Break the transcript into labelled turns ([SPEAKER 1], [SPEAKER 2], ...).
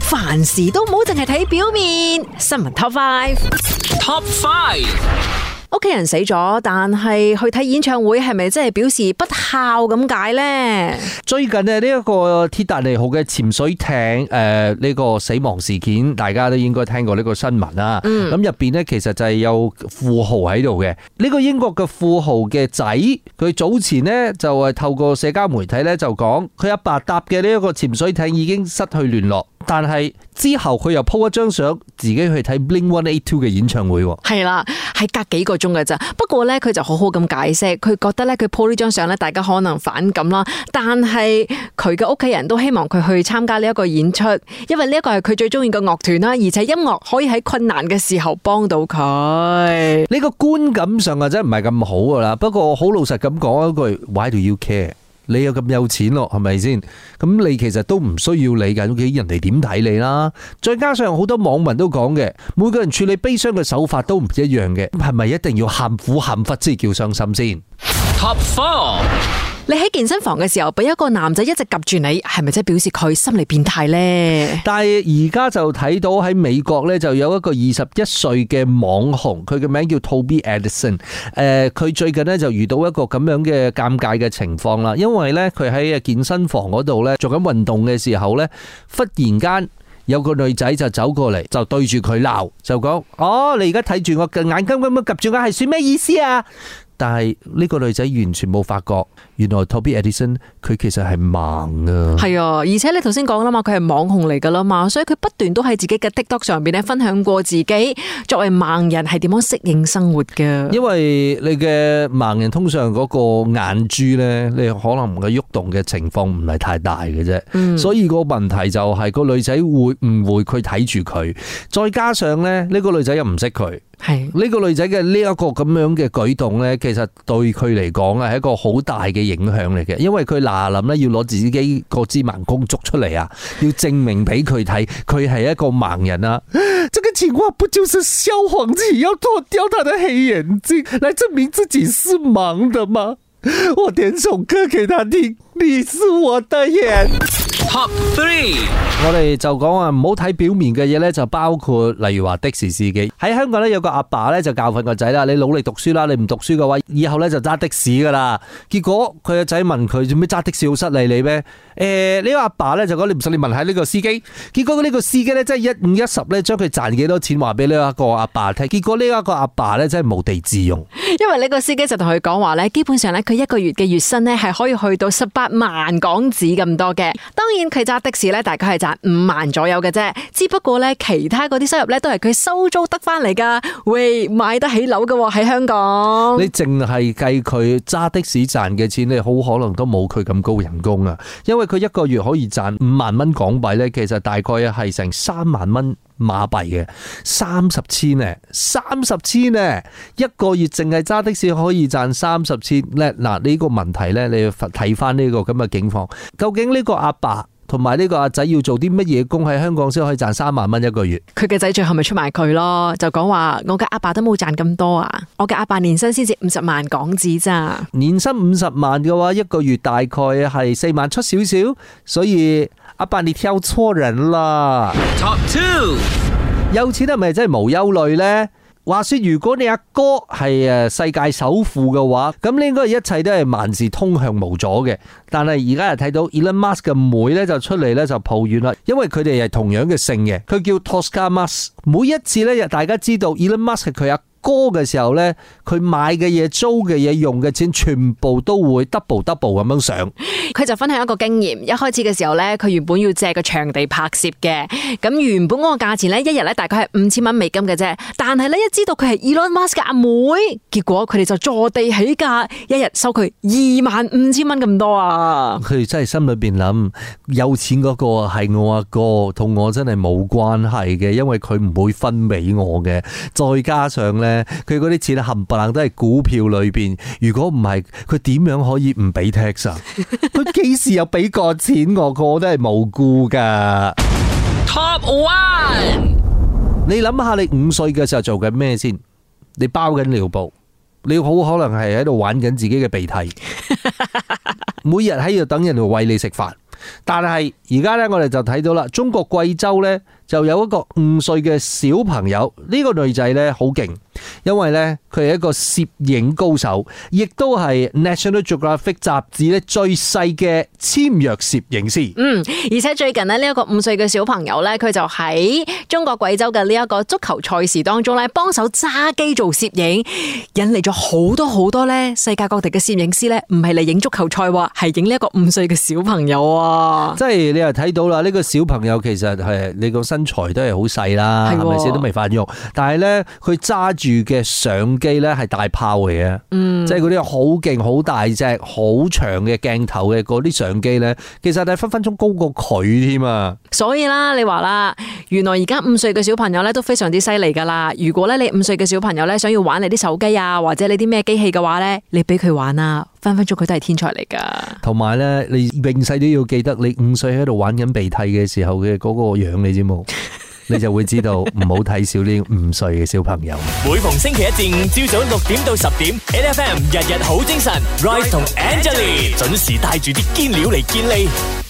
[SPEAKER 1] 凡事都唔好淨係睇表面。新聞 Top Five，Top Five，屋企人死咗，但係去睇演唱會係咪真係表示不孝咁解呢？最近
[SPEAKER 2] 呢，呢一個鐵達尼號嘅潛水艇誒呢、呃這個死亡事件，大家都應該聽過呢個新聞啦。咁入邊呢，面其實就係有富豪喺度嘅。呢、這個英國嘅富豪嘅仔，佢早前呢，就係透過社交媒體呢，就講，佢阿爸搭嘅呢一個潛水艇已經失去聯絡。但係之後佢又 po 一張相，自己去睇 Blink One Eight Two 嘅演唱會。
[SPEAKER 1] 係啦，係隔幾個鐘嘅咋。不過呢，佢就好好咁解釋，佢覺得咧，佢 po 呢張相咧，大家可能反感啦。但係佢嘅屋企人都希望佢去參加呢一個演出，因為呢一個係佢最中意嘅樂團啦，而且音樂可以喺困難嘅時候幫到佢。呢個觀感上啊，真唔係
[SPEAKER 2] 咁好噶啦。不過好老實咁講一句 Why do you care？你又咁有錢咯，係咪先？咁你其實都唔需要理解屋企人哋點睇你啦。再加上好多網民都講嘅，每個人處理悲傷嘅手法都唔一樣嘅，係咪一定要喊苦喊忽先叫傷心先
[SPEAKER 1] ？Top 5你喺健身房嘅時候，俾一個男仔一直夾住你，係咪即係表示佢心理變態呢？但係而家就睇到喺美
[SPEAKER 2] 國呢，就有一個二十一歲嘅網紅，佢嘅名叫 Toby Edison，呃。誒，佢最近呢，就遇到一個咁樣嘅尷尬嘅情況啦。因為呢，佢喺健身房嗰度呢，做緊運動嘅時候呢，忽然間有個女仔就走過嚟，就對住佢鬧，就講：「哦，你而家睇住我嘅眼睛咁樣夾住我，係算咩意思啊？但係呢個女仔完全冇發覺，原來 Toby Edison 佢其實係盲噶。係
[SPEAKER 1] 啊，而且你頭先講啦嘛，佢係網紅嚟噶啦嘛，所以佢不斷都喺自己嘅 TikTok 上邊咧分享過自己作為盲人係點樣適應生活嘅。
[SPEAKER 2] 因為你嘅盲人通常嗰個眼珠咧，你可能嘅喐動嘅情況唔係太大嘅啫，所以個問題就係個女仔會誤會佢睇住佢，再加上咧呢個女仔又唔識佢。係呢個女仔嘅呢一個咁樣嘅舉動呢，其實對佢嚟講係一個好大嘅影響嚟嘅，因為佢嗱諗呢，要攞自己個支盲公竹出嚟啊，要證明俾佢睇佢係一個盲人啊。這個情況不就是消防皇帝要脫掉他的黑眼鏡來證明自己是盲的嗎？我點首歌給他聽，你是我的眼。Top three，我哋就講話，唔好睇表面嘅嘢呢，就包括例如話的士司機喺香港呢，有個阿爸呢就教訓個仔啦，你努力讀書啦，你唔讀書嘅話，以後呢就揸的士噶啦。結果佢個仔問佢做咩揸的士，好失禮你咩？誒，呢個阿爸咧就講你唔信，你問下呢個司機。結果呢個司機咧真係一五一十咧，將佢賺幾多錢話俾呢一個阿爸聽。結果呢一個阿爸咧真係無地自容。
[SPEAKER 1] 因為呢個司機就同佢講話咧，基本上咧佢一個月嘅月薪咧係可以去到十八萬港紙咁多嘅。當然佢揸的士咧，大概係賺五萬左右嘅啫。只不過咧，其他嗰啲收入咧都係佢收租得翻嚟噶。喂，買得起樓噶喎？喺香港，你淨
[SPEAKER 2] 係計佢揸的士賺嘅錢，你好可能都冇佢咁高人工啊，因為。佢一個月可以賺五萬蚊港幣呢，其實大概係成三萬蚊馬幣嘅，三十千呢，三十千呢，一個月淨係揸的士可以賺三十千咧。嗱，呢個問題呢，你要睇翻呢個咁嘅境況，究竟呢個阿爸,爸。同埋呢個阿仔要做啲乜嘢工喺香港先可以賺三萬蚊一個月？
[SPEAKER 1] 佢嘅仔最後咪出埋佢咯，就講話我嘅阿爸都冇賺咁多啊，我嘅阿爸年薪先至五十萬港紙咋？
[SPEAKER 2] 年薪五十萬嘅話，一個月大概係四萬出少少，所以阿爸，爸你挑錯人啦。Top two，有錢係咪真係無憂慮呢？話說如果你阿哥係誒世界首富嘅話，咁你應該一切都係萬事通向無阻嘅。但係而家又睇到 Elon Musk 嘅妹咧就出嚟咧就抱怨啦，因為佢哋係同樣嘅姓嘅，佢叫 Tosca Musk。每一次咧，大家知道 Elon Musk 係佢阿哥。哥嘅時候咧，佢買嘅嘢、租嘅嘢、用嘅錢，全部都會 double double 咁樣上。
[SPEAKER 1] 佢就分享一個經驗，一開始嘅時候咧，佢原本要借個場地拍攝嘅，咁原本個價錢咧，一日咧大概係五千蚊美金嘅啫。但係咧，一知道佢係 Elon Musk 嘅阿妹，妹，結果佢哋就坐地起價，一日收佢二萬五千蚊咁多啊！
[SPEAKER 2] 佢真係心裏邊諗，有錢個係我阿哥，哥，同我真係冇關係嘅，因為佢唔會分俾我嘅。再加上咧。佢嗰啲錢冚唪唥都係股票裏邊，如果唔係佢點樣可以唔俾 tax 啊？佢幾時又俾過錢我？我都係無辜噶。
[SPEAKER 1] Top one，
[SPEAKER 2] 你諗下你五歲嘅時候做緊咩先？你包緊尿布，你好可能係喺度玩緊自己嘅鼻涕，每日喺度等人嚟喂你食飯。但係而家咧，我哋就睇到啦，中國貴州咧就有一個五歲嘅小朋友，呢個女仔咧好勁。因為咧，佢係一個攝影高手，亦都係 National Geographic 雜誌咧最細嘅簽約攝影師。
[SPEAKER 1] 嗯，而且最近咧呢一個五歲嘅小朋友咧，佢就喺中國貴州嘅呢一個足球賽事當中咧，幫手揸機做攝影，引嚟咗好多好多咧世界各地嘅攝影師咧，唔係嚟影足球賽喎，係影呢一個五歲嘅小朋友啊！
[SPEAKER 2] 即係你又睇到啦，呢、這個小朋友其實係你個身材都係好細啦，係咪先都未發育，但係咧佢揸住。嘅相機咧係大炮嚟嘅，嗯，即係嗰啲好勁、好大隻、好長嘅鏡頭嘅嗰啲相機咧，其實係分分鐘高過佢添啊！
[SPEAKER 1] 所以啦，你話啦，原來而家五歲嘅小朋友咧都非常之犀利噶啦。如果咧你五歲嘅小朋友咧想要玩你啲手機啊，或者你啲咩機器嘅話咧，你俾佢玩啊，分分鐘佢都係天才嚟噶。
[SPEAKER 2] 同埋咧，你永世都要記得，你五歲喺度玩緊鼻涕嘅時候嘅嗰個樣，你知冇？你就會知道唔好睇少呢五歲嘅小朋友。
[SPEAKER 1] 每逢星期一至五朝早六點到十點，N F M 日日好精神 r i c e 同 Angelina 準時帶住啲堅料嚟建立。